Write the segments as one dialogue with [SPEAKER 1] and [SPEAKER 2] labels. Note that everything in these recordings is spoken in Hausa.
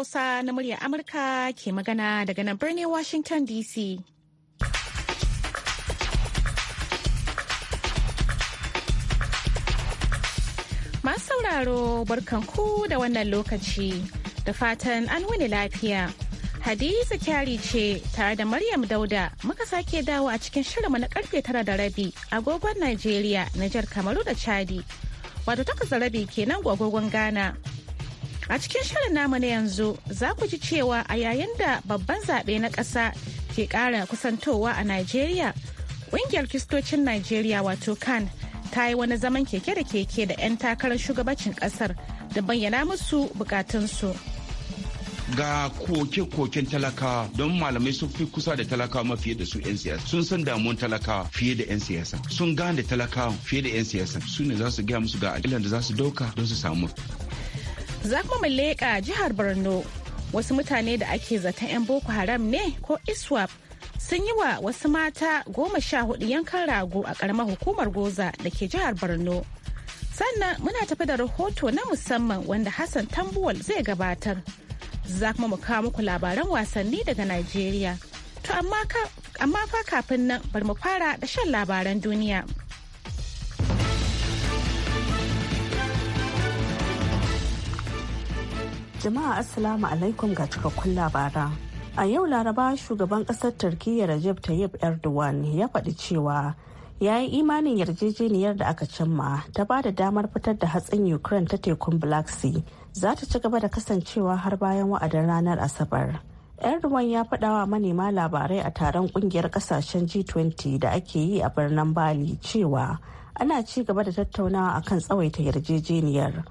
[SPEAKER 1] Hausa na murya Amurka ke magana daga nan birnin Washington DC. Masu sauraro barkanku da wannan lokaci da fatan an wani lafiya. Hadiza kyari ce tare da Maryam Dauda muka sake dawo a cikin shirinmu na karfe tara da rabi agogon Najeriya, Nijar, Kamaru da Chadi. Wato takwas da rabi kenan agogon Ghana. A cikin shirin namu na yanzu za ku ji cewa a yayin da babban zaɓe na ƙasa ke ƙara kusantowa a Najeriya, ƙungiyar kistocin Najeriya wato kan ta yi wani zaman keke da keke da 'yan takarar shugabacin ƙasar da bayyana musu bukatunsu.
[SPEAKER 2] ga koke-koken talaka don malamai sun fi kusa da talaka ma fiye da su 'yan siyasa sun san damuwan talaka fiye da 'yan siyasa sun gane talaka fiye da 'yan siyasa su ne za su gaya musu ga aƙilan da za su dauka don su samu
[SPEAKER 1] Za kuma mu leƙa jihar Borno wasu mutane da ake zaton 'yan Boko Haram ne ko ISWAP sun yi wa wasu mata goma sha hudu yankan rago a ƙaramar hukumar Goza da ke jihar Borno. Sannan muna tafi da rahoto na musamman wanda Hassan Tambuwal zai gabatar. Za kuma mu kawo muku labaran wasanni daga Najeriya. To amma fa kafin nan bari mu fara da shan
[SPEAKER 3] labaran duniya. Jama'a Assalamu alaikum ga cikakkun labara. A yau Laraba shugaban kasar Turkiyya Rajab Tayyip Erdogan ya faɗi cewa ya yi imanin yarjejeniyar da aka cimma ta ba da damar fitar da hatsin Ukraine ta tekun Black Sea za ta ci gaba da kasancewa har bayan wa'adin ranar Asabar. Erdogan ya faɗawa manema labarai a taron ƙungiyar ƙasashen G20 da ake yi a birnin Bali cewa ana ci gaba da tattaunawa akan tsawaita yarjejeniyar.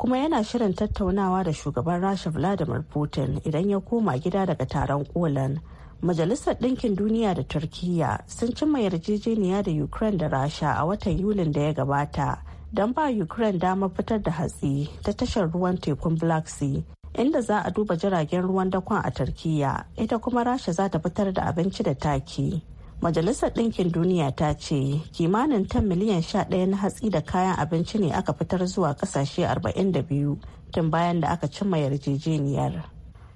[SPEAKER 3] kuma yana shirin tattaunawa da shugaban rasha vladimir putin idan ya koma gida daga taron kolan majalisar ɗinkin duniya da turkiya sun cimma yarjejeniya da ukraine da rasha a watan yulin da ya gabata don ba ukraine damar fitar da hatsi ta tashar ruwan tekun black sea inda za a duba jiragen ruwan dakon a turkiya ita kuma rasha za ta fitar da abinci da taki majalisar ɗinkin duniya ta ce kimanin tan miliyan 11 na hatsi da kayan abinci ne aka fitar zuwa ƙasashe 42 tun bayan da aka cimma yarjejeniyar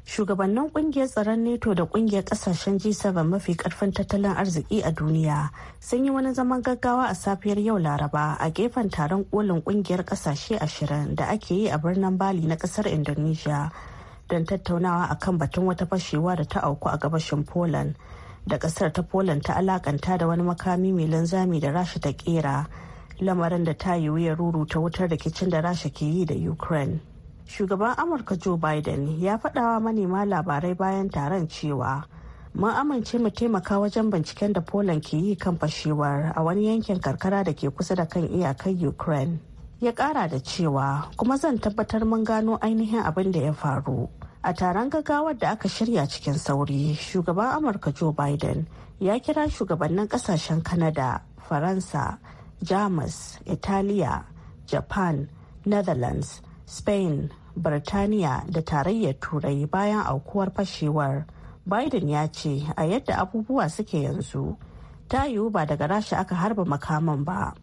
[SPEAKER 3] shugabannin kungiyar tsaron neto da kungiyar kasashen g7 mafi karfin tattalin arziki a duniya sun yi wani zaman gaggawa a safiyar yau laraba a gefen taron kolin kungiyar kasashe ashirin da ake yi a birnin bali na kasar indonesia don tattaunawa akan batun wata fashewa da ta auku a gabashin poland da kasar ta poland ta alakanta da wani makami mai linzami da rasha ta kera lamarin da ta yiwu ruru ta wutar rikicin da rasha ke yi da ukraine shugaban amurka joe biden ya faɗawa manema labarai bayan taron cewa mun amince mu taimaka wajen binciken da poland ke yi kan fashewar a wani yankin karkara da ke kusa da kan iyakar ukraine ya ƙara da cewa kuma zan tabbatar mun gano ainihin abin da ya faru a taron gaggawar da aka shirya cikin sauri shugaban amurka joe biden ya kira shugabannin kasashen kanada faransa jamus italiya japan netherlands spain birtaniya da tarayyar turai bayan aukuwar fashewar biden ya ce a yadda abubuwa suke yanzu ta yiwu ba daga rasha aka harba makaman ba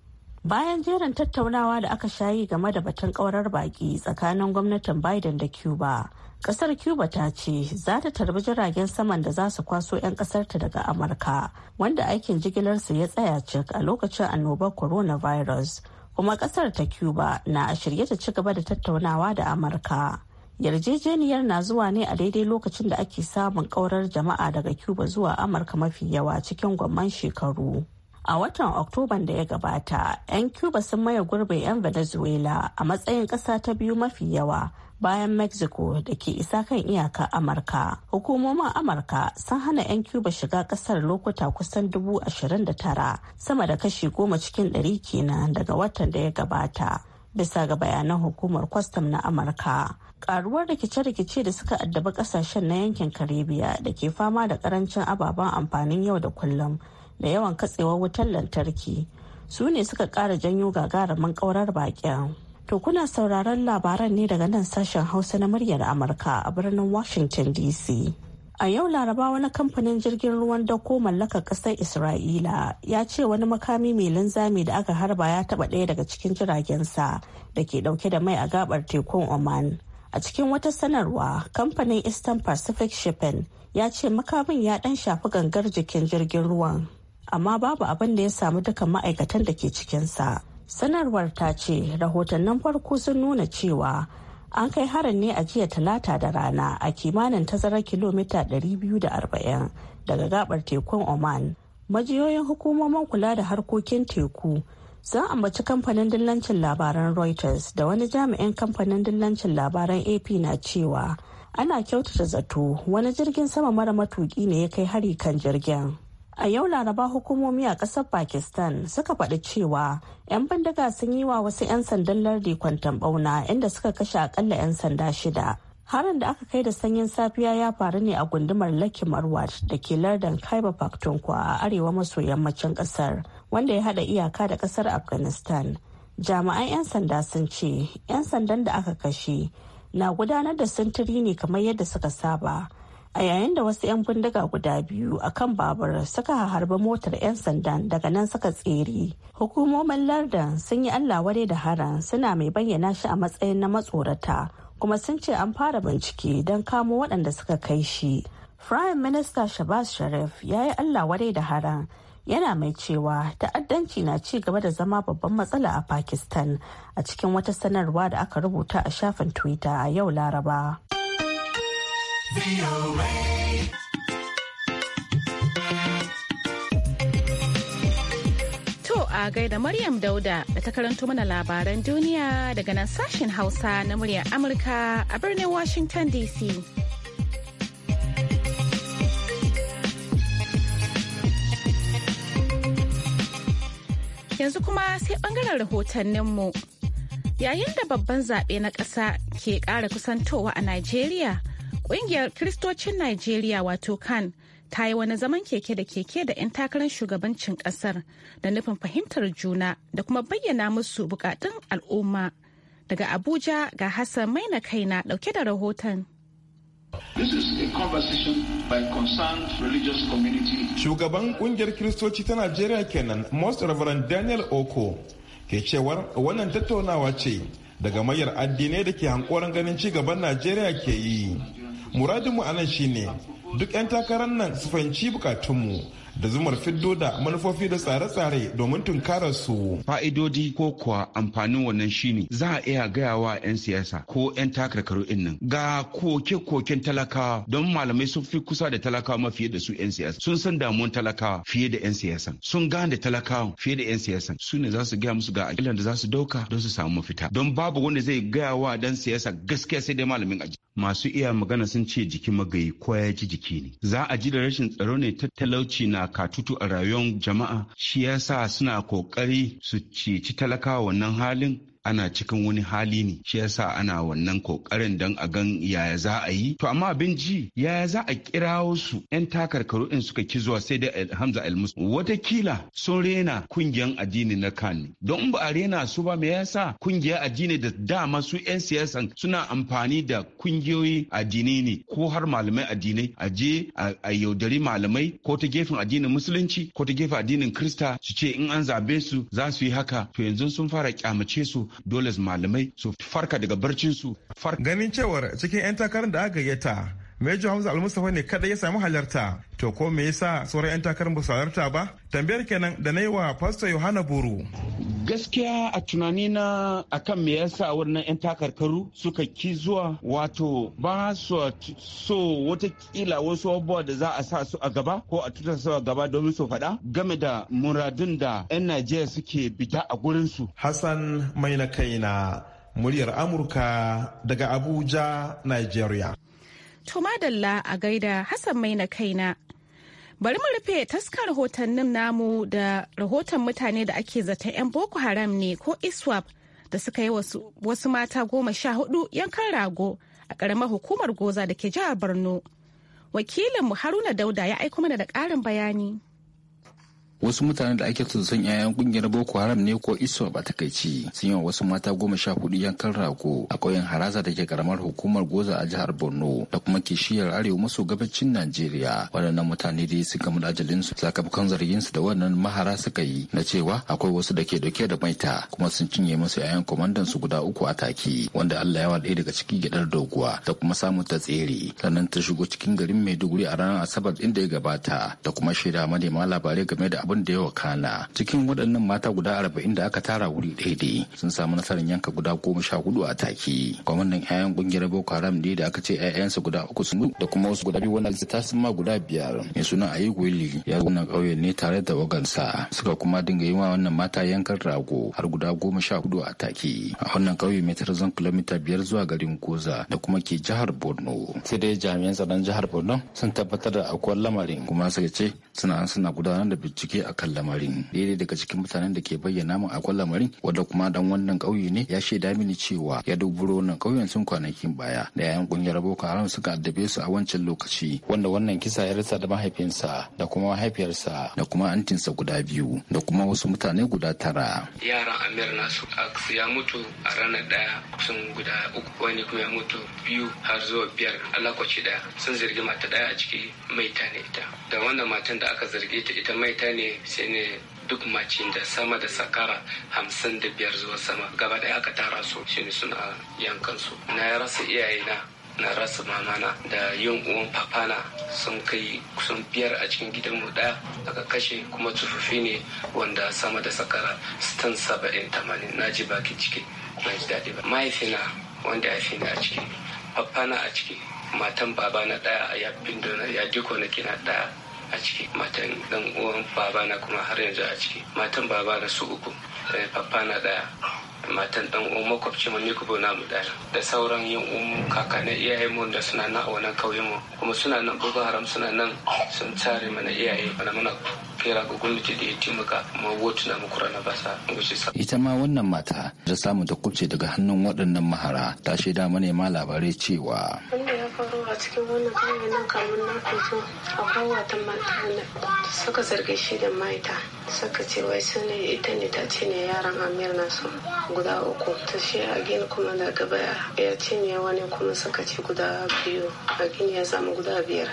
[SPEAKER 3] bayan jerin tattaunawa da aka shayi game da batun kaurar baki tsakanin gwamnatin biden da cuba kasar cuba ta ce za ta tarbi jiragen saman da za su kwaso 'yan kasarta daga amurka wanda aikin jigilarsu ya tsaya cik a lokacin annobar coronavirus kuma kasar ta cuba na a shirye ta ci gaba da tattaunawa da amurka yarjejeniyar na zuwa ne a daidai lokacin da ake samun kaurar jama'a daga cuba zuwa amurka mafi yawa cikin gwamman shekaru a watan oktoban da ya gabata 'yan cuba sun maye gurbin 'yan venezuela a matsayin ƙasa ta biyu mafi yawa bayan mexico da ke isa kan iyaka amurka hukumomin amurka sun hana 'yan cuba shiga kasar lokuta kusan dubu ashirin da tara sama da kashi goma cikin ɗari kenan daga watan da ya gabata bisa ga bayanan hukumar kwastam na amurka karuwar rikice-rikice da suka addabi kasashen na yankin karibiya da ke fama da karancin ababen amfanin yau da kullum da yawan katsewar wutar lantarki su ne suka kara janyo gagarumin kaurar baƙin. To kuna sauraron labaran ne daga nan sashen Hausa na muryar Amurka a birnin Washington DC. A yau Laraba wani kamfanin jirgin ruwan dako mallaka ƙasar Isra'ila ya ce wani makami mai linzami da aka harba ya taɓa ɗaya daga cikin jiragen sa da ke ɗauke da mai a gabar tekun Oman. A cikin wata sanarwa, kamfanin Eastern Pacific Shipping ya ce makamin ya ɗan shafi gangar jikin jirgin ruwan. amma babu abin da ya samu dukan ma'aikatan da ke cikinsa sanarwar ta ce rahotannin farko sun nuna cewa an kai harin ne a jiya talata da rana a kimanin tazarar kilomita 240 daga gabar tekun oman majiyoyin hukumomin kula da harkokin teku sun ambaci kamfanin dillancin labaran reuters da wani jami'in kamfanin dillancin labaran ap na cewa ana kyautata zato wani jirgin sama mara matuki ne ya kai hari kan jirgin A yau laraba hukumomi a ƙasar Pakistan suka faɗi cewa 'yan bindiga sun yi wa wasu 'yan sandan lardi kwantan ɓauna inda suka kashe akalla 'yan sanda shida. Harin da aka kai da sanyin safiya ya faru ne a gundumar Lucky Marwat da ke lardin Khyber Pakhtunkhwa a arewa maso yammacin kasar wanda ya hada iyaka da kasar Afghanistan. Jami'an 'yan sanda sun ce 'yan sandan da aka kashe na gudanar da sintiri ne kamar yadda suka saba a yayin da wasu 'yan bindiga guda biyu a kan babur suka harba motar 'yan sandan daga nan suka tsere hukumomin lardan sun yi allah wadai da haran suna mai bayyana shi a matsayin na matsorata kuma sun ce an fara bincike don kamo waɗanda suka kai shi prime Minista shabazz sharif ya yi allah wadai da haran yana mai cewa ta'addanci na ci gaba da zama babban matsala a pakistan a cikin wata sanarwa da aka rubuta a shafin twitter a yau laraba. To
[SPEAKER 1] a gaida Maryam Dauda da ta karanto mana labaran duniya daga nan sashen Hausa na muryar Amurka a birnin Washington DC. yanzu kuma sai bangaren rahotanninmu yayin da babban zaɓe na ƙasa ke ƙara kusantowa a Najeriya Ƙungiyar Kiristocin Najeriya wato kan ta yi wani zaman keke da keke da 'yan takarar shugabancin ƙasar da nufin fahimtar juna da kuma bayyana musu bukatun al'umma. Daga Abuja ga Hassan Maina kaina ɗauke da rahoton.
[SPEAKER 2] Shugaban ƙungiyar Kiristoci ta Najeriya kenan, Most Reverend Daniel Oko, ke cewar wannan tattaunawa ce daga mayar addinai da ke hankoron ganin ci gaban Najeriya ke yi. muradinmu anan shine duk 'yan takarar nan su fahimci bukatunmu da zumar fiddo da manufofi da tsare-tsare domin tunkara su. Fa'idodi ko kuwa amfanin wannan shine za a iya gaya wa 'yan siyasa ko 'yan takarkaru in nan ga koke-koken talakawa don malamai sun fi kusa da talakawa ma fiye da su 'yan siyasa sun san damuwan talakawa fiye da 'yan siyasa sun gane talakawa fiye da 'yan siyasa su ne za su gaya musu ga aƙilan da za su dauka don su samu mafita don babu wanda zai gaya wa dan siyasa gaskiya sai dai malamin aji. Masu iya magana sun ce jiki magayi ko ya ji jiki ne. Za a ji da rashin tsaro ne ta talauci na katutu a rayuwar jama'a shi yasa suna kokari su ceci talakawa wannan halin ana cikin wani hali ne shi yasa ana wannan kokarin dan a gan yaya za a yi to amma abin ji yaya za a kira su yan takarkaru in suka ki zuwa sai dai Hamza Almus watakila sun rena kungiyan addini na kan don ba a rena su ba me yasa kungiyar addini da dama su yan siyasa suna amfani da kungiyoyi addini ne ko har malamai addinai a je a yaudari malamai ko ta gefen addinin musulunci ko ta gefen addinin krista su ce in an zabe su za su yi haka to yanzu sun fara kyamace su dole malamai su farka daga barcin su. Ganin cewar cikin 'yan takarar da aka gayyata major Hamza Almustafa ne kadai ya samu halarta. To ko me yasa sauran 'yan takarar ba su halarta ba? Tambayar kenan da na yi wa Pastor Yohana Buru. Gaskiya a tunani na akan me yasa wannan 'yan takarkaru suka ki zuwa wato ba su so watakila wasu abubuwa da za a sa su a gaba ko a tutar su a gaba domin su faɗa game da muradun da 'yan Najeriya suke bita a gurin su. Hassan mai na kaina muryar Amurka daga Abuja, Nigeria.
[SPEAKER 1] To madalla a gaida Hassan mai na kaina. Bari mu rufe taskar rahotannin namu da rahoton mutane da ake zata 'yan Boko Haram ne ko ISWAP da suka yi wasu mata goma sha hudu yankan rago a karamar hukumar Goza da ke jihar Borno. Wakilinmu Haruna Dauda ya aiko mana da ƙarin bayani.
[SPEAKER 4] wasu mutanen da ake son yayan kungiyar boko haram ne ko iso ba takaici sun yi wa wasu mata goma sha hudu yankan rago a ƙauyen haraza da ke karamar hukumar goza a jihar borno da kuma kishiyar arewa maso gabacin najeriya waɗannan mutane dai sun gama su sakamakon su da wannan mahara suka yi na cewa akwai wasu da ke dauke da maita kuma sun cinye musu yayan kwamandan su guda uku a taki. wanda allah yawa ɗaya daga ciki gidar doguwa da kuma samun ta tsere sannan ta shigo cikin garin maiduguri a ranar asabar inda ya gabata da kuma shaida manema labarai game da abin da ya wakana cikin waɗannan mata guda arba'in da aka tara wuri ɗaya dai sun samu nasarar yanka guda goma sha hudu a take gwamnan 'ya'yan ƙungiyar boko haram ne da aka ce 'ya'yansa guda uku sun da kuma wasu guda biyu wanda ta sun ma guda biyar mai suna ayi willi ya wannan ƙauye ne tare da wagansa suka kuma dinga yi wa wannan mata yankan rago har guda goma sha hudu a take a wannan ƙauye mai tarzan kilomita biyar zuwa garin goza da kuma ke jihar borno sai dai jami'an tsaron jihar borno sun tabbatar da akwai lamarin kuma suka ce suna suna gudanar da bincike a kan lamarin daidai daga cikin mutanen da ke bayyana min akwai lamarin wanda kuma dan wannan ƙauye ne ya shaida mini cewa ya duburo nan ƙauyen sun kwanakin baya da yayan kungiyar boko haram suka addabe su a wancan lokaci wanda wannan kisa ya rasa da mahaifinsa da kuma mahaifiyarsa da kuma antinsa guda biyu da kuma wasu mutane guda tara yaran amir nasu ya mutu a ranar daya kusan guda
[SPEAKER 5] uku wani kuma ya mutu biyu har zuwa biyar a lokaci daya sun zargi mata daya a ciki maita ne ita da wannan matan da aka zarge ta ita maita ne sai ne duk macin da sama da sakara hamsin da biyar zuwa sama gaba ɗaya aka tara su shine suna yankan su na rasa iyayena na rasa mamana da yin uwan papana sun kai kusan biyar a cikin gidanmu ɗaya daga kashe kuma tsofaffi ne wanda sama da sakara stan saba'in tamanin na ji baki ciki na ji daɗi ba mahaifina wanda ya fi a ciki papana a ciki matan babana ɗaya ya bindo ya diko na kina ɗaya a ciki matan dan uwan babana kuma har yanzu a ciki matan baba babana su uku eh, papa na daya matan dan uwan makwabci mu ne kubo namu daya da sauran yin umu kakanin iyaye mu da suna nan a wannan kauyen mu kuma suna nan boko haram suna nan sun tare mana iyaye mana muna naira ga
[SPEAKER 4] gwamnati da ya taimaka ma na mu na basa ita ma wannan mata da samu ta kubce daga hannun waɗannan mahara ta shaida ma labarai cewa
[SPEAKER 6] wanda ya faru a cikin wannan kawai nan kamun na fito akwai wata mata suka zarge shi da maita suka ce wai sun ita ne ta ce ne yaran amir su guda uku ta shi a gini kuma da gaba ya ce ne wani kuma suka ce guda biyu a gini ya samu guda biyar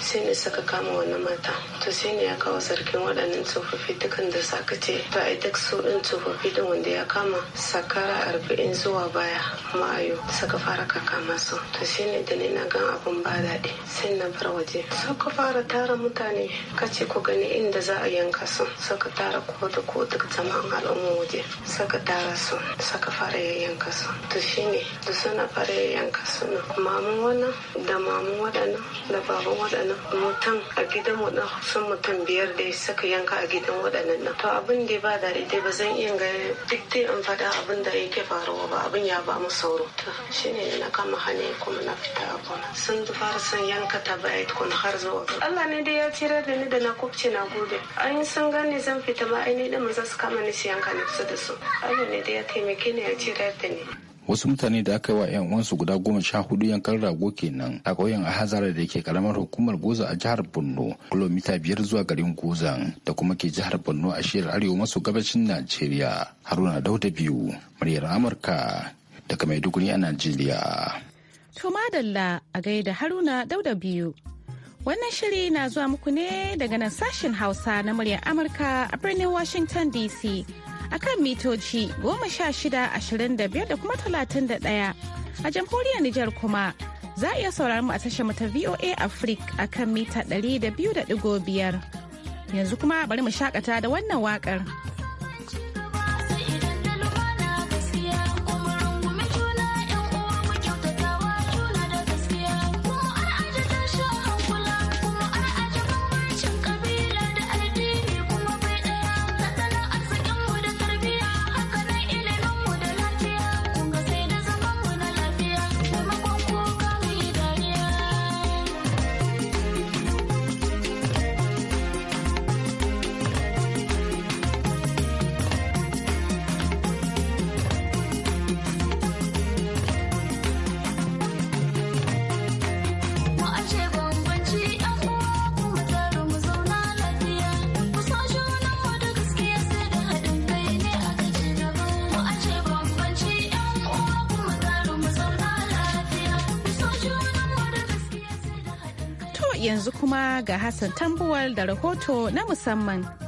[SPEAKER 6] sai ne suka kama wannan mata to sai ne ya kawo sarkin waɗannan tsofaffi dukan da saka ce to ai duk su ɗin tsofaffi da wanda ya kama sakara arba'in zuwa baya ma'ayo suka fara kakama su to sai ne da ni na gan abin ba daɗi sai na bar waje suka fara tara mutane kace ku gani inda za a yanka su suka tara ko da ko duk jama'an al'umma waje suka tara su suka fara yayyanka su to ne da suna fara yayyanka su mamun wannan da mamun waɗannan da baban waɗannan nan mutum a gidan waɗannan sun mutum biyar da saka yanka a gidan waɗannan nan to abin da ba da daidai ba zan iya ga duk dai in faɗa abin da yake faruwa ba abin ya ba mu sauro to shine na kama hane kuma na fita a gona sun fara son yanka ta baya tukun har zuwa Allah ne dai ya tirar da ni da na kubce na gobe. an yi sun gane zan fita ma ainihin da za su kama ni su yanka ni su da su Allah ne dai ya taimake ni ya tirar da ni
[SPEAKER 4] wasu mutane da aka yi wa 'yan uwansu guda goma sha hudu yankan rago kenan a ƙauyen a hazara da ke karamar hukumar goza a jihar borno kilomita biyar zuwa garin gozan da kuma ke jihar borno a shiyar arewa maso gabashin najeriya haruna dauda biyu muryar amurka daga maiduguri a najeriya
[SPEAKER 1] to madalla a gaida haruna dauda biyu wannan shiri na zuwa muku ne daga nan sashen hausa na muryar amurka a birnin washington dc akan mitoci 1625 da kuma 31 a jamhuriyar Nijar kuma za a iya sauraron mu a tashar mu ta VOA Africa akan mita 200.5 yanzu kuma bari mu shakata da wannan wakar. ga Hassan Tambuwal da rahoto na musamman.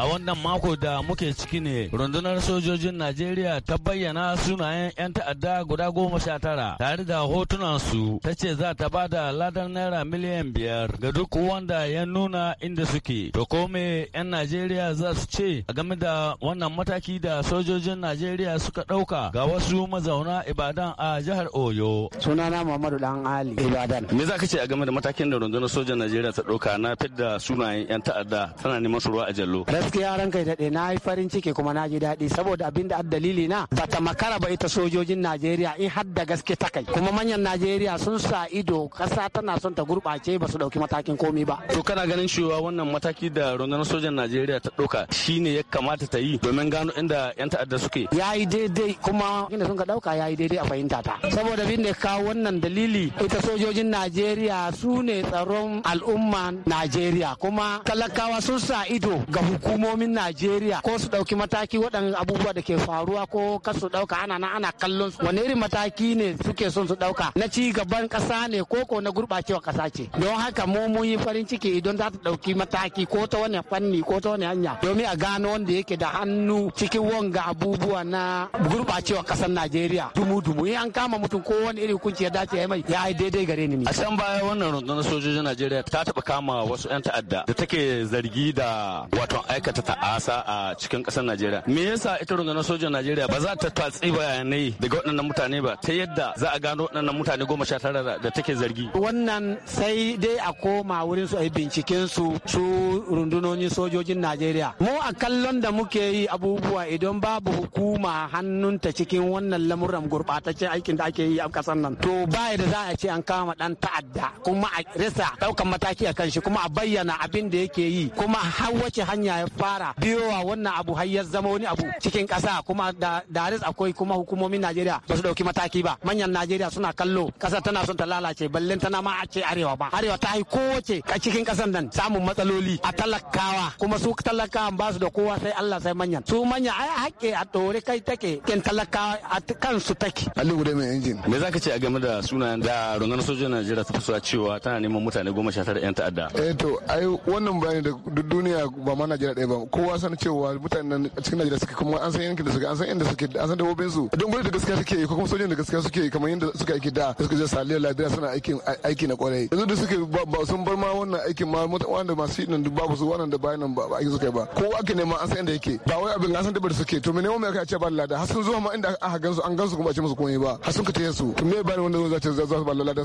[SPEAKER 7] a wannan mako da muke ciki ne rundunar sojojin najeriya ta bayyana sunayen 'yan ta'adda guda goma sha tara tare da hotunan su, ta ce za ta ba da ladar naira miliyan biyar ga duk wanda ya nuna inda suke to kome 'yan najeriya za su ce a game da wannan mataki da sojojin najeriya suka ɗauka ga wasu mazauna ibadan a jihar oyo sunana muhammadu dan ali ibadan me za ka ce a game da matakin da rundunar sojan najeriya ta ɗauka na fidda sunayen 'yan ta'adda tana neman su ruwa a jallo gaskiya
[SPEAKER 8] ranka ya daɗe na yi farin ciki kuma na ji daɗi saboda abin da dalili na bata makara ba ita sojojin najeriya in har da gaske ta kai kuma manyan najeriya sun sa ido ƙasa tana son ta gurɓace ba su ɗauki matakin komi ba
[SPEAKER 7] to kana ganin cewa wannan mataki da rundunar sojan najeriya ta ɗauka shine ya kamata ta yi domin gano inda yan ta'adda suke
[SPEAKER 8] ya yi daidai kuma inda sun ka ɗauka ya yi daidai a fahimta ta saboda abin da kawo wannan dalili ita sojojin najeriya su ne tsaron al'umma najeriya kuma talakawa sun sa ido ga hukuma hukumomin Najeriya ko su dauki mataki waɗannan abubuwa da ke faruwa ko ka su ɗauka ana na ana kallon su wani irin mataki ne suke son su dauka na ci gaban ƙasa ne ko ko na gurɓacewa ƙasa ce don haka mu mun yi farin ciki idan za ta ɗauki mataki ko ta wani fanni ko ta wani hanya domin a gano wanda yake da hannu cikin wanga abubuwa na gurɓacewa ƙasar Najeriya dumu-dumu in an kama mutum ko wani irin hukunci ya dace ya mai ya yi daidai gare ni. A can
[SPEAKER 7] baya wannan rundunar sojojin Najeriya ta taɓa kama wasu 'yan ta'adda da take zargi da wato ta asa a cikin ƙasar Najeriya. Me yasa ita rundunar sojan Najeriya ba za ta tatsi bayanai daga waɗannan mutane ba ta yadda za a gano waɗannan mutane goma sha tara da take zargi. Wannan sai
[SPEAKER 8] dai a koma wurin su a yi binciken su su rundunonin sojojin Najeriya. Mu a kallon da muke yi abubuwa idan babu hukuma hannunta cikin wannan lamuran gurɓataccen aikin da ake yi a ƙasar nan. To ba da za a ce an kama ɗan ta'adda kuma a rasa ɗaukan mataki a kan shi kuma a bayyana abin da yake yi kuma har wace hanya ya fara biyowa wannan abu har ya zama wani abu cikin ƙasa kuma da daris akwai kuma hukumomin Najeriya ba su dauki mataki ba manyan Najeriya suna kallo ƙasar tana son ta lalace balle tana ma a ce arewa ba arewa ta yi kowace a cikin ƙasar nan samun matsaloli a talakawa kuma su talakawan ba su da kowa sai Allah sai manyan su manya ai hakke a tori kai take kin talakawa a kansu
[SPEAKER 7] take Ali Gude mai injin me zaka ce a game da sunayen da rungunar sojojin Najeriya ta fasuwa cewa tana neman mutane goma sha tara 'yan ta'adda
[SPEAKER 9] eh to ai wannan bayani da duniya ba ma Najeriya kaɗai ba kowa san cewa mutanen cikin Najeriya suke kuma an san yankin da suke an san inda suke an san dabbobin su don gwamnati da gaskiya suke ko kuma sojojin da gaskiya suke kamar yadda suka aiki da suka je Saliya ladira suna aikin aiki na kwarai yanzu da suke ba sun bar ma wannan aikin ma da masu yi nan babu su wannan da bayan nan ba aiki suka ba kowa ake neman an san inda yake ba wai abin an san dabar suke to me ne mu aka ce ba lada har sun zo ma inda aka gan su an gan su kuma a ce musu komai ba har sun kace su to me ba ne wanda za ta za su ba lada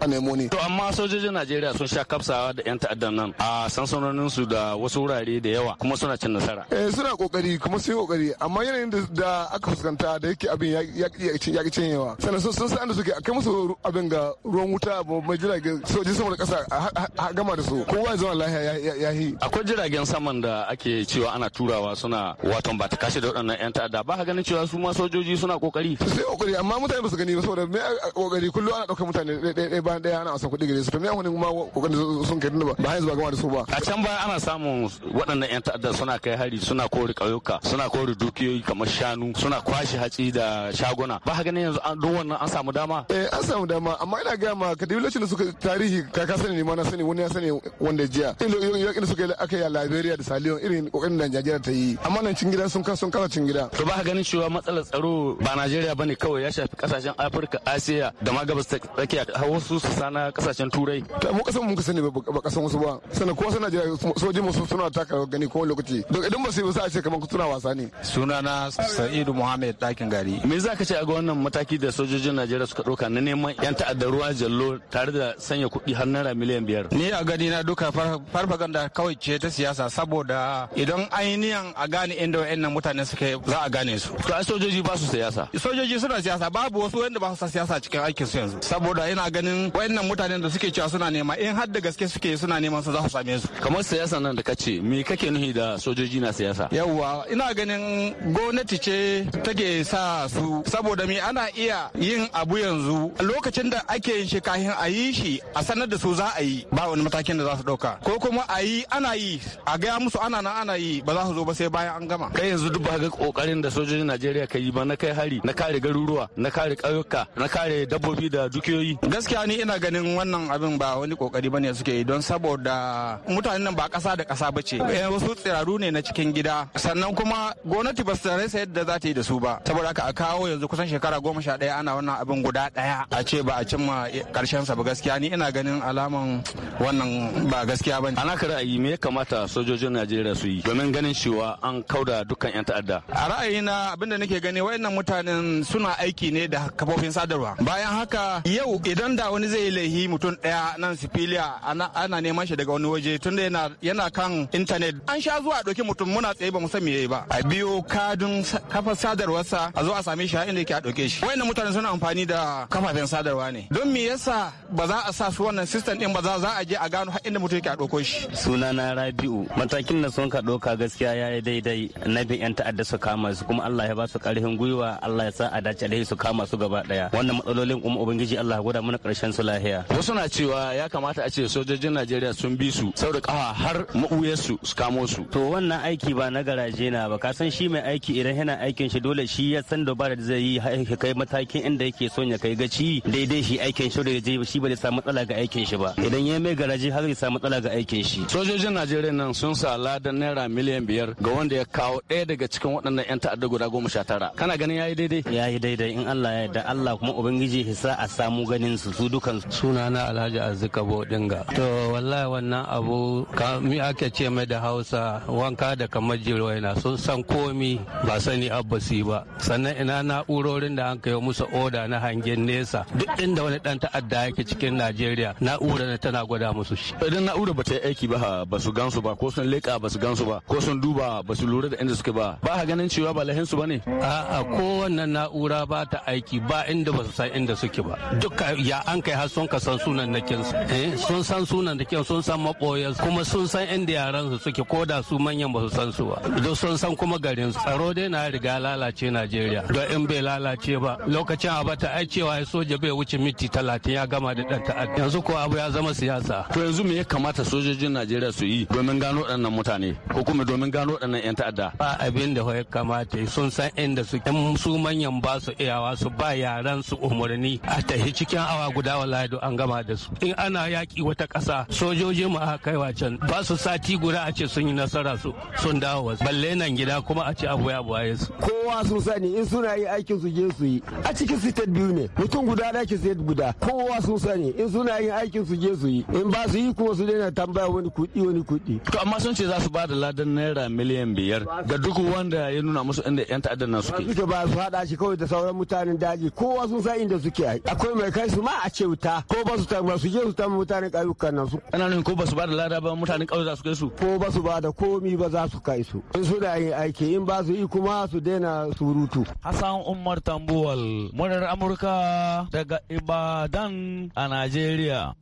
[SPEAKER 9] a nemo ne to
[SPEAKER 7] amma sojojin Najeriya sun sha kafsawa da yan ta'addan nan a sansanonin su da wasu wurare da yawa yawa kuma suna cin nasara
[SPEAKER 9] eh suna kokari kuma sun yi kokari amma yanayin da aka fuskanta da yake abin ya ki cinyewa sannan sun san da suke akai musu abin ga ruwan wuta mai jiragen soji sama da kasa a gama da su kowa ya zama lahiya ya yi
[SPEAKER 7] akwai jiragen saman da ake cewa ana turawa suna waton ba ta kashe da waɗannan 'yan ta'adda ba ka ganin cewa su ma sojoji suna kokari sai kokari
[SPEAKER 9] amma mutane ba su gani ba saboda me kokari kullum ana ɗaukar mutane ɗaya bayan ɗaya ana wasan kuɗi gare su to me wani kuma kokarin sun kai ba ba yanzu ba gama da su ba a can ba ana samun
[SPEAKER 7] waɗannan 'yan ta'addar suna kai hari suna kori ƙauyuka suna kori dukiyoyi kamar shanu suna kwashe hatsi da shaguna ba ka
[SPEAKER 9] ganin yanzu duk wannan an samu dama eh an samu dama amma ina ga ma ka lokacin da suka tarihi ka ka sani ne ma na sani wani ya sani wanda jiya yakin suka yi aka yi a Liberia da Saliyon irin kokarin da Najeriya ta yi amma nan cin gida sun ka sun kasa cin gida
[SPEAKER 7] to ba ka ganin cewa matsalar tsaro ba Najeriya bane kawai ya shafi kasashen Afirka Asiya da ma gabas ta tsakiya har wasu su sana kasashen Turai to
[SPEAKER 9] mu kasan mun ka sani ba kasan wasu ba sannan kowa sana Najeriya sojin mu suna taka gani ko lokaci don idan ba su yi ba sai a ce kamar suna wasa ne
[SPEAKER 7] sunana sa'idu
[SPEAKER 10] muhammed dakin gari
[SPEAKER 7] me za ka ce a ga wannan mataki da sojojin najeriya suka ɗauka na neman yan ta'adda ruwa jallo tare da sanya kuɗi har naira miliyan biyar ni a gani na duka farfaganda kawai ce ta siyasa saboda idan ainihin
[SPEAKER 10] a gane inda wa'annan mutane suke za a gane su to a sojoji ba su siyasa sojoji suna siyasa babu wasu wanda ba su siyasa cikin aikin su yanzu saboda ina ganin wa'annan mutanen da suke cewa suna nema in har da gaske suke suna neman su za su same
[SPEAKER 7] su kamar siyasa nan da kace me kake sulhi da sojoji na siyasa
[SPEAKER 10] yawwa ina ganin gwamnati ce take sa su saboda mi ana iya yin abu yanzu lokacin da ake yin shi kafin a yi shi a sanar da su za a yi ba wani matakin da za su dauka ko kuma a yi ana yi a gaya musu ana nan ana yi ba za su zo ba
[SPEAKER 7] sai bayan an gama kai yanzu duk ba ga kokarin da sojojin Najeriya ka yi ba na kai hari na kare garuruwa na kare ƙauyuka na kare dabbobi da dukiyoyi gaskiya ni ina ganin wannan abin ba wani kokari
[SPEAKER 10] bane suke yi don saboda mutanen nan ba ƙasa da ƙasa ba ce. Eh, Su tsiraru ne na cikin gida sannan kuma gwamnati ba su rasa yadda za ta yi da su ba saboda haka a kawo yanzu kusan shekara goma sha ɗaya ana wannan abin guda ɗaya a ce ba a cimma karshen sa ba gaskiya ni ina ganin alaman
[SPEAKER 7] wannan ba gaskiya ba ana ka ra'ayi me ya kamata sojojin najeriya su yi domin ganin cewa an kauda dukkan yan ta'adda
[SPEAKER 10] a ra'ayi ra'ayina abinda nake gani wayannan mutanen suna aiki ne da kafofin sadarwa bayan haka yau idan da wani zai laihi mutum ɗaya nan sifiliya ana neman shi daga wani waje tunda yana kan intanet an sha zuwa ɗauki mutum muna tsaye ba mu san me ba a biyo kadin kafar sadarwarsa a zo a sami shi har inda yake a ɗauke shi wayannan mutane suna amfani da kafafen sadarwa ne don me yasa ba za a sa su wannan system din ba za za a je a gano har inda mutum yake a ɗauko shi
[SPEAKER 5] sunana rabiu matakin da sun ka ɗauka gaskiya ya yi daidai na bin yan ta'adda su kama su kuma Allah ya ba su ƙarfin gwiwa Allah ya sa a dace da su kama su gaba ɗaya wannan matsalolin kuma ubangiji Allah ya gwada mana ƙarshen su lahiya
[SPEAKER 7] wasu na cewa ya kamata a ce sojojin Najeriya sun bi su sau da har ma'uyarsu su kama kamo su to wannan aiki ba na
[SPEAKER 5] garaje na ba ka san shi mai aiki idan yana aikin shi dole shi ya san ba da zai yi ya kai matakin
[SPEAKER 7] inda yake so ya kai gaci daidai shi aikin shi da shi ba zai samu matsala ga aikin shi ba idan ya mai garaje har zai samu matsala ga aikin shi sojojin Najeriya nan sun sa ladan naira miliyan biyar ga wanda ya kawo ɗaya daga cikin waɗannan 'yan ta'adda guda goma sha tara
[SPEAKER 5] kana ganin yayi daidai yayi daidai in Allah ya yarda Allah kuma ubangiji hisa a samu ganin su su dukan sunana Alhaji Azzika Bodinga to wallahi wannan abu ka mi ake ce mai da Hausa sa wanka da kamar jirwaina sun san komi ba sani su ba sannan ina na'urorin da an kai musu oda na hangen nesa duk inda wani dan ta'adda yake cikin najeriya na'ura na tana gwada
[SPEAKER 7] musu shi idan na'ura ba ta yi aiki ba ba su gansu ba ko sun leka ba su gansu ba ko sun duba ba su lura da inda suke ba
[SPEAKER 5] ba ha ganin cewa ba lahinsu ba ne a'a ko wannan na'ura ba ta aiki ba inda ba su san inda suke ba duka ya an kai har sun ka san sunan nakin eh, sun san sunan da sun san maboyan kuma sun san inda yaran su suke ko ko da su manyan ba su san su ba don sun san kuma garin tsaro dai na riga lalace najeriya don in bai lalace ba lokacin a bata ai cewa ya soja bai wuce miti talatin ya gama da dan ta'adda yanzu ko abu ya zama siyasa
[SPEAKER 7] to yanzu me ya kamata sojojin najeriya su yi domin gano waɗannan mutane ko kuma domin gano waɗannan yan ta'adda
[SPEAKER 5] ba abin da ya kamata sun san inda su su manyan ba su iyawa su ba yaran su umarni a tahi cikin awa guda wallahi an gama da su in ana yaki wata kasa sojoji mu a kaiwa can ba su sati guda a ce sun yi nasara su sun dawo balle nan gida kuma a ce abu ya buwaye su
[SPEAKER 11] kowa sun sani in suna yi aikin su je su yi a cikin sitet biyu ne mutum guda da ke sitet guda kowa sun sani in suna yin aikin su je su yi in ba su yi kuma su daina tambaya wani kuɗi wani kuɗi
[SPEAKER 7] to amma sun ce za su ba da ladan naira miliyan biyar ga duk wanda ya nuna musu inda yan ta'addan nan suke suke ba su
[SPEAKER 11] haɗa shi kawai da sauran mutanen daji kowa sun san inda suke akwai mai kai su ma a ce wuta ko ba su tamba su je su tamba mutanen ƙauyukan nan su
[SPEAKER 7] ana nuna ko ba su ba da lada ba mutanen ƙauyuka su kai su ko ba su ba da komi ba za su kai su in suna
[SPEAKER 11] yin aiki in ba su yi kuma su daina surutu
[SPEAKER 7] hassan umar
[SPEAKER 11] tambuwal murar amurka
[SPEAKER 7] daga ibadan a najeriya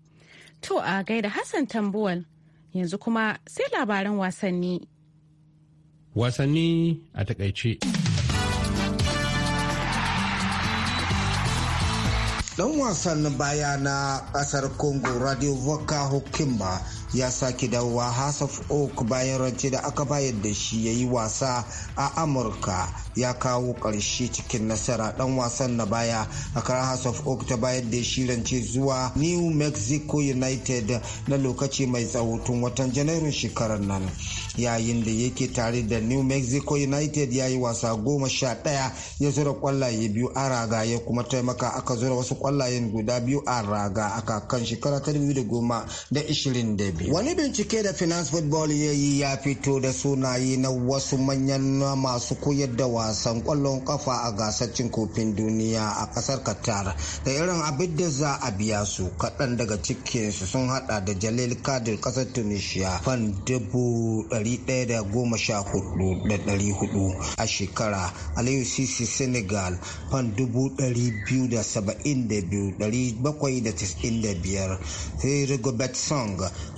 [SPEAKER 1] to a gaida hassan tambuwal yanzu kuma sai labaran wasanni
[SPEAKER 11] wasanni a takaice dan wasan baya na kasar congo radio voka hukimba ya sake dawowa House of Oak bayan rance da aka bayar da shi ya yi wasa a Amurka ya kawo ƙarshe cikin nasara ɗan wasan na baya a kar House of Oak ta bayar da shi rance zuwa New Mexico United na lokaci mai tsawo tun watan Janairun shekarar nan yayin da yake tare da New Mexico United ya yi wasa goma sha ɗaya ya zura kwallaye biyu a raga ya kuma taimaka aka zura wasu kwallayen guda biyu a raga a kakan shekara ta 2010 da 22 Wani bincike da Finance Football ya yi ya fito da sunaye na wasu manyan masu koyar da wasan kwallon kafa a gasar cin kofin duniya a kasar Qatar da irin abin da za a biya su kaɗan daga cikinsu sun hada da Jalil Kadir kasar Tunisia fan dubu ɗaya da goma sha hudu da ɗari hudu a shekara Aliyu Sisi Senegal fan dubu ɗari biyu da saba'in da biyu ɗari bakwai da tis'in da biyar sai Rigobert Song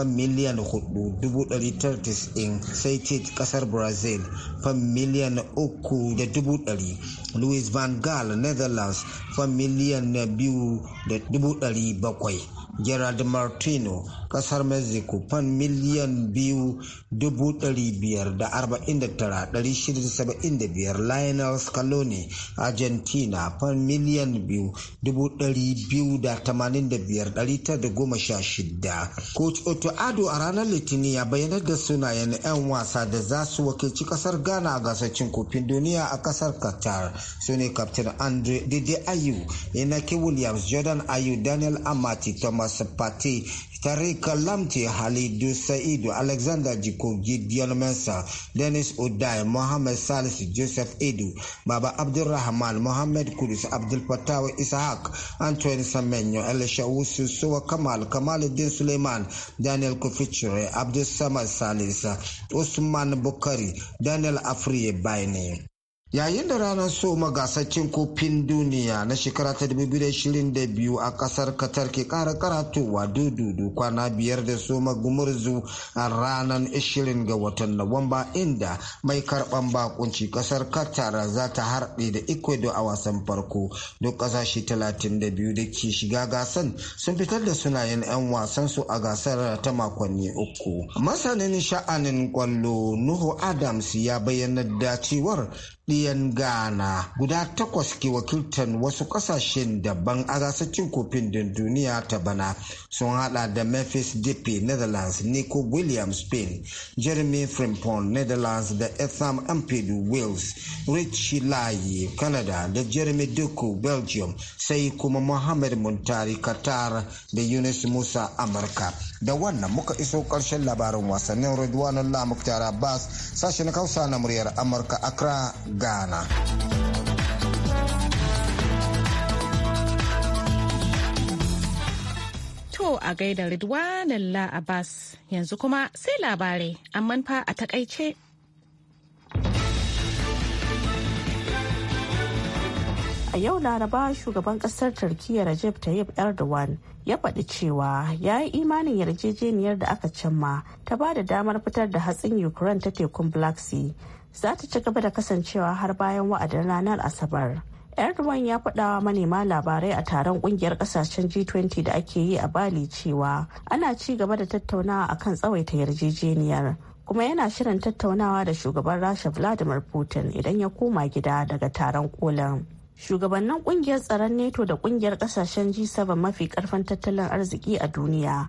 [SPEAKER 11] fan miliyan 4,990 sai ce kasar brazil fan miliyan dari louis van gaal netherlands fan miliyan 2,700 gerard martino kasar mexico fan miliyan biyu dubu dari biyar da arba'in da tara dari shirin saba'in da biyar lionel scaloni argentina fan miliyan biyu dubu dari biyu da tamanin da biyar dari tara da goma sha shida coach otto ado a ranar litinin ya bayyana da sunayen 'yan wasa da za su wakilci kasar ghana a gasar cin kofin duniya a kasar qatar su ne captain andre dede ayu inaki williams jordan ayu daniel amati thomas pate Tariq Lamti Halidu Sa'idu Alexander Jikogi Gideon Mensa Dennis Oday, Mohammed Salisu Joseph Edu Baba Abdulrahman Mohammed Kudus Abdul Fatawa Ishaq Antoine Samenyo Elisha Wusu Suwa Kamal Kamaluddin Suleiman Daniel kuficure Abdul Samad Salisa Usman Bukari Daniel Afriye Baine. yayin da ranar soma gasar kofin duniya na shekara ta 2022 a kasar katar ke kara karatowa dududu kwana biyar da soma gumurzu a ranar 20 ga watan nuwamba inda mai karban bakunci kasar katar za ta harɗe da ecuador a wasan farko duk kasashe 32 da ke shiga gasan sun fitar da sunayen 'yan wasan su a gasar ta makonni uku masanin sha'anin kwallo nuhu adams ya bayyana da cewar ɗiyan ghana guda takwas ke wakiltar wasu ƙasashen daban a gasar cin kofin din duniya ta bana sun hada da memphis dp netherlands nico williams spain jeremy frimpong netherlands da etham ampedu wales richie laye canada da jeremy duku belgium sai kuma mohamed muntari qatar da yunus musa amurka da wannan muka iso ƙarshen labarin wasannin redwanullah muktar sashen kausa na muryar amurka accra ghana
[SPEAKER 1] to a gaida la abbas yanzu kuma sai labarai amma fa a takaice
[SPEAKER 3] A yau Laraba shugaban kasar Turkiyya Recep Tayyip Erdogan ya faɗi cewa ya yi imanin yarjejeniyar da aka cimma ta ba da damar fitar da hatsin Ukraine ta tekun Black Sea za ta ci gaba da kasancewa har bayan wa'adin ranar asabar erdogan ya faɗa wa manema labarai a taron kungiyar ƙasashen g20 da ake yi a bali cewa ana ci gaba da tattaunawa a kan tsawaita yarjejeniyar kuma yana shirin tattaunawa da shugaban rasha vladimir putin idan ya koma gida daga taron kolin shugabannin kungiyar tsaron neto da kungiyar ƙasashen g7 mafi karfin tattalin arziki a duniya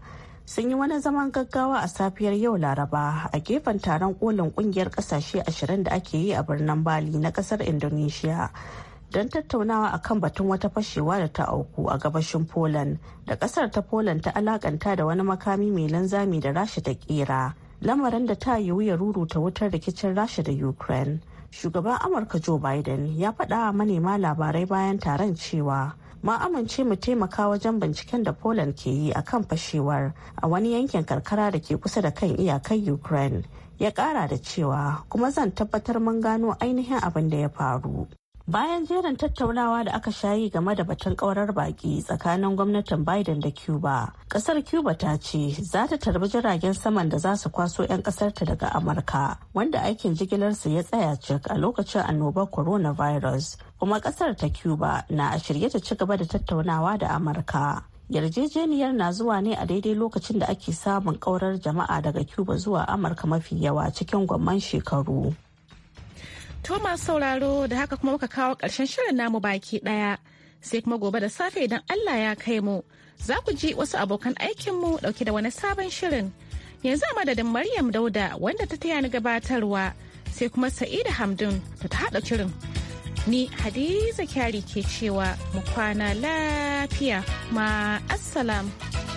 [SPEAKER 3] sun yi wani zaman gaggawa a safiyar yau laraba a gefen taron kolin kungiyar kasashe 20 da ake yi a birnin bali na kasar indonesia don tattaunawa a kan batun wata fashewa da ta auku a gabashin poland da kasar ta poland ta alakanta da wani makami mai linzami da rasha ta kera lamarin da ta yiwu ya ruruta wutar rikicin rasha da ukraine shugaban amurka joe biden ya faɗa manema labarai bayan taron cewa ma amince mu taimaka wajen binciken da poland ke yi a kan fashewar a wani yankin karkara da ke kusa da kan iyakar ukraine ya kara da cewa kuma zan tabbatar mun gano ainihin abin da ya faru bayan jerin tattaunawa da aka shayi game da batun kaurar baki tsakanin gwamnatin biden da cuba kasar cuba ta ce za ta tarbi jiragen saman da za su kwaso 'yan kasarta daga amurka wanda aikin jigilarsu ya tsaya cik a lokacin annobar coronavirus kuma kasar ta cuba na a shirye ta ci gaba da tattaunawa da amurka yarjejeniyar na zuwa ne a daidai lokacin da ake samun kaurar jama'a daga cuba zuwa amurka mafi yawa cikin gwamman shekaru
[SPEAKER 1] To sauraro da haka kuma muka kawo ƙarshen shirin namu baki ɗaya. Sai kuma gobe da safe idan Allah ya kai mu, za ku ji wasu abokan aikinmu ɗauke da wani sabon shirin. Yanzu a madadin Maryam Dauda wanda ta taya ni gabatarwa, sai kuma Sa'ida Hamdun da ta haɗa shirin. Ni Hadiza Kyari ke cewa mu kwana lafiya ma assalam.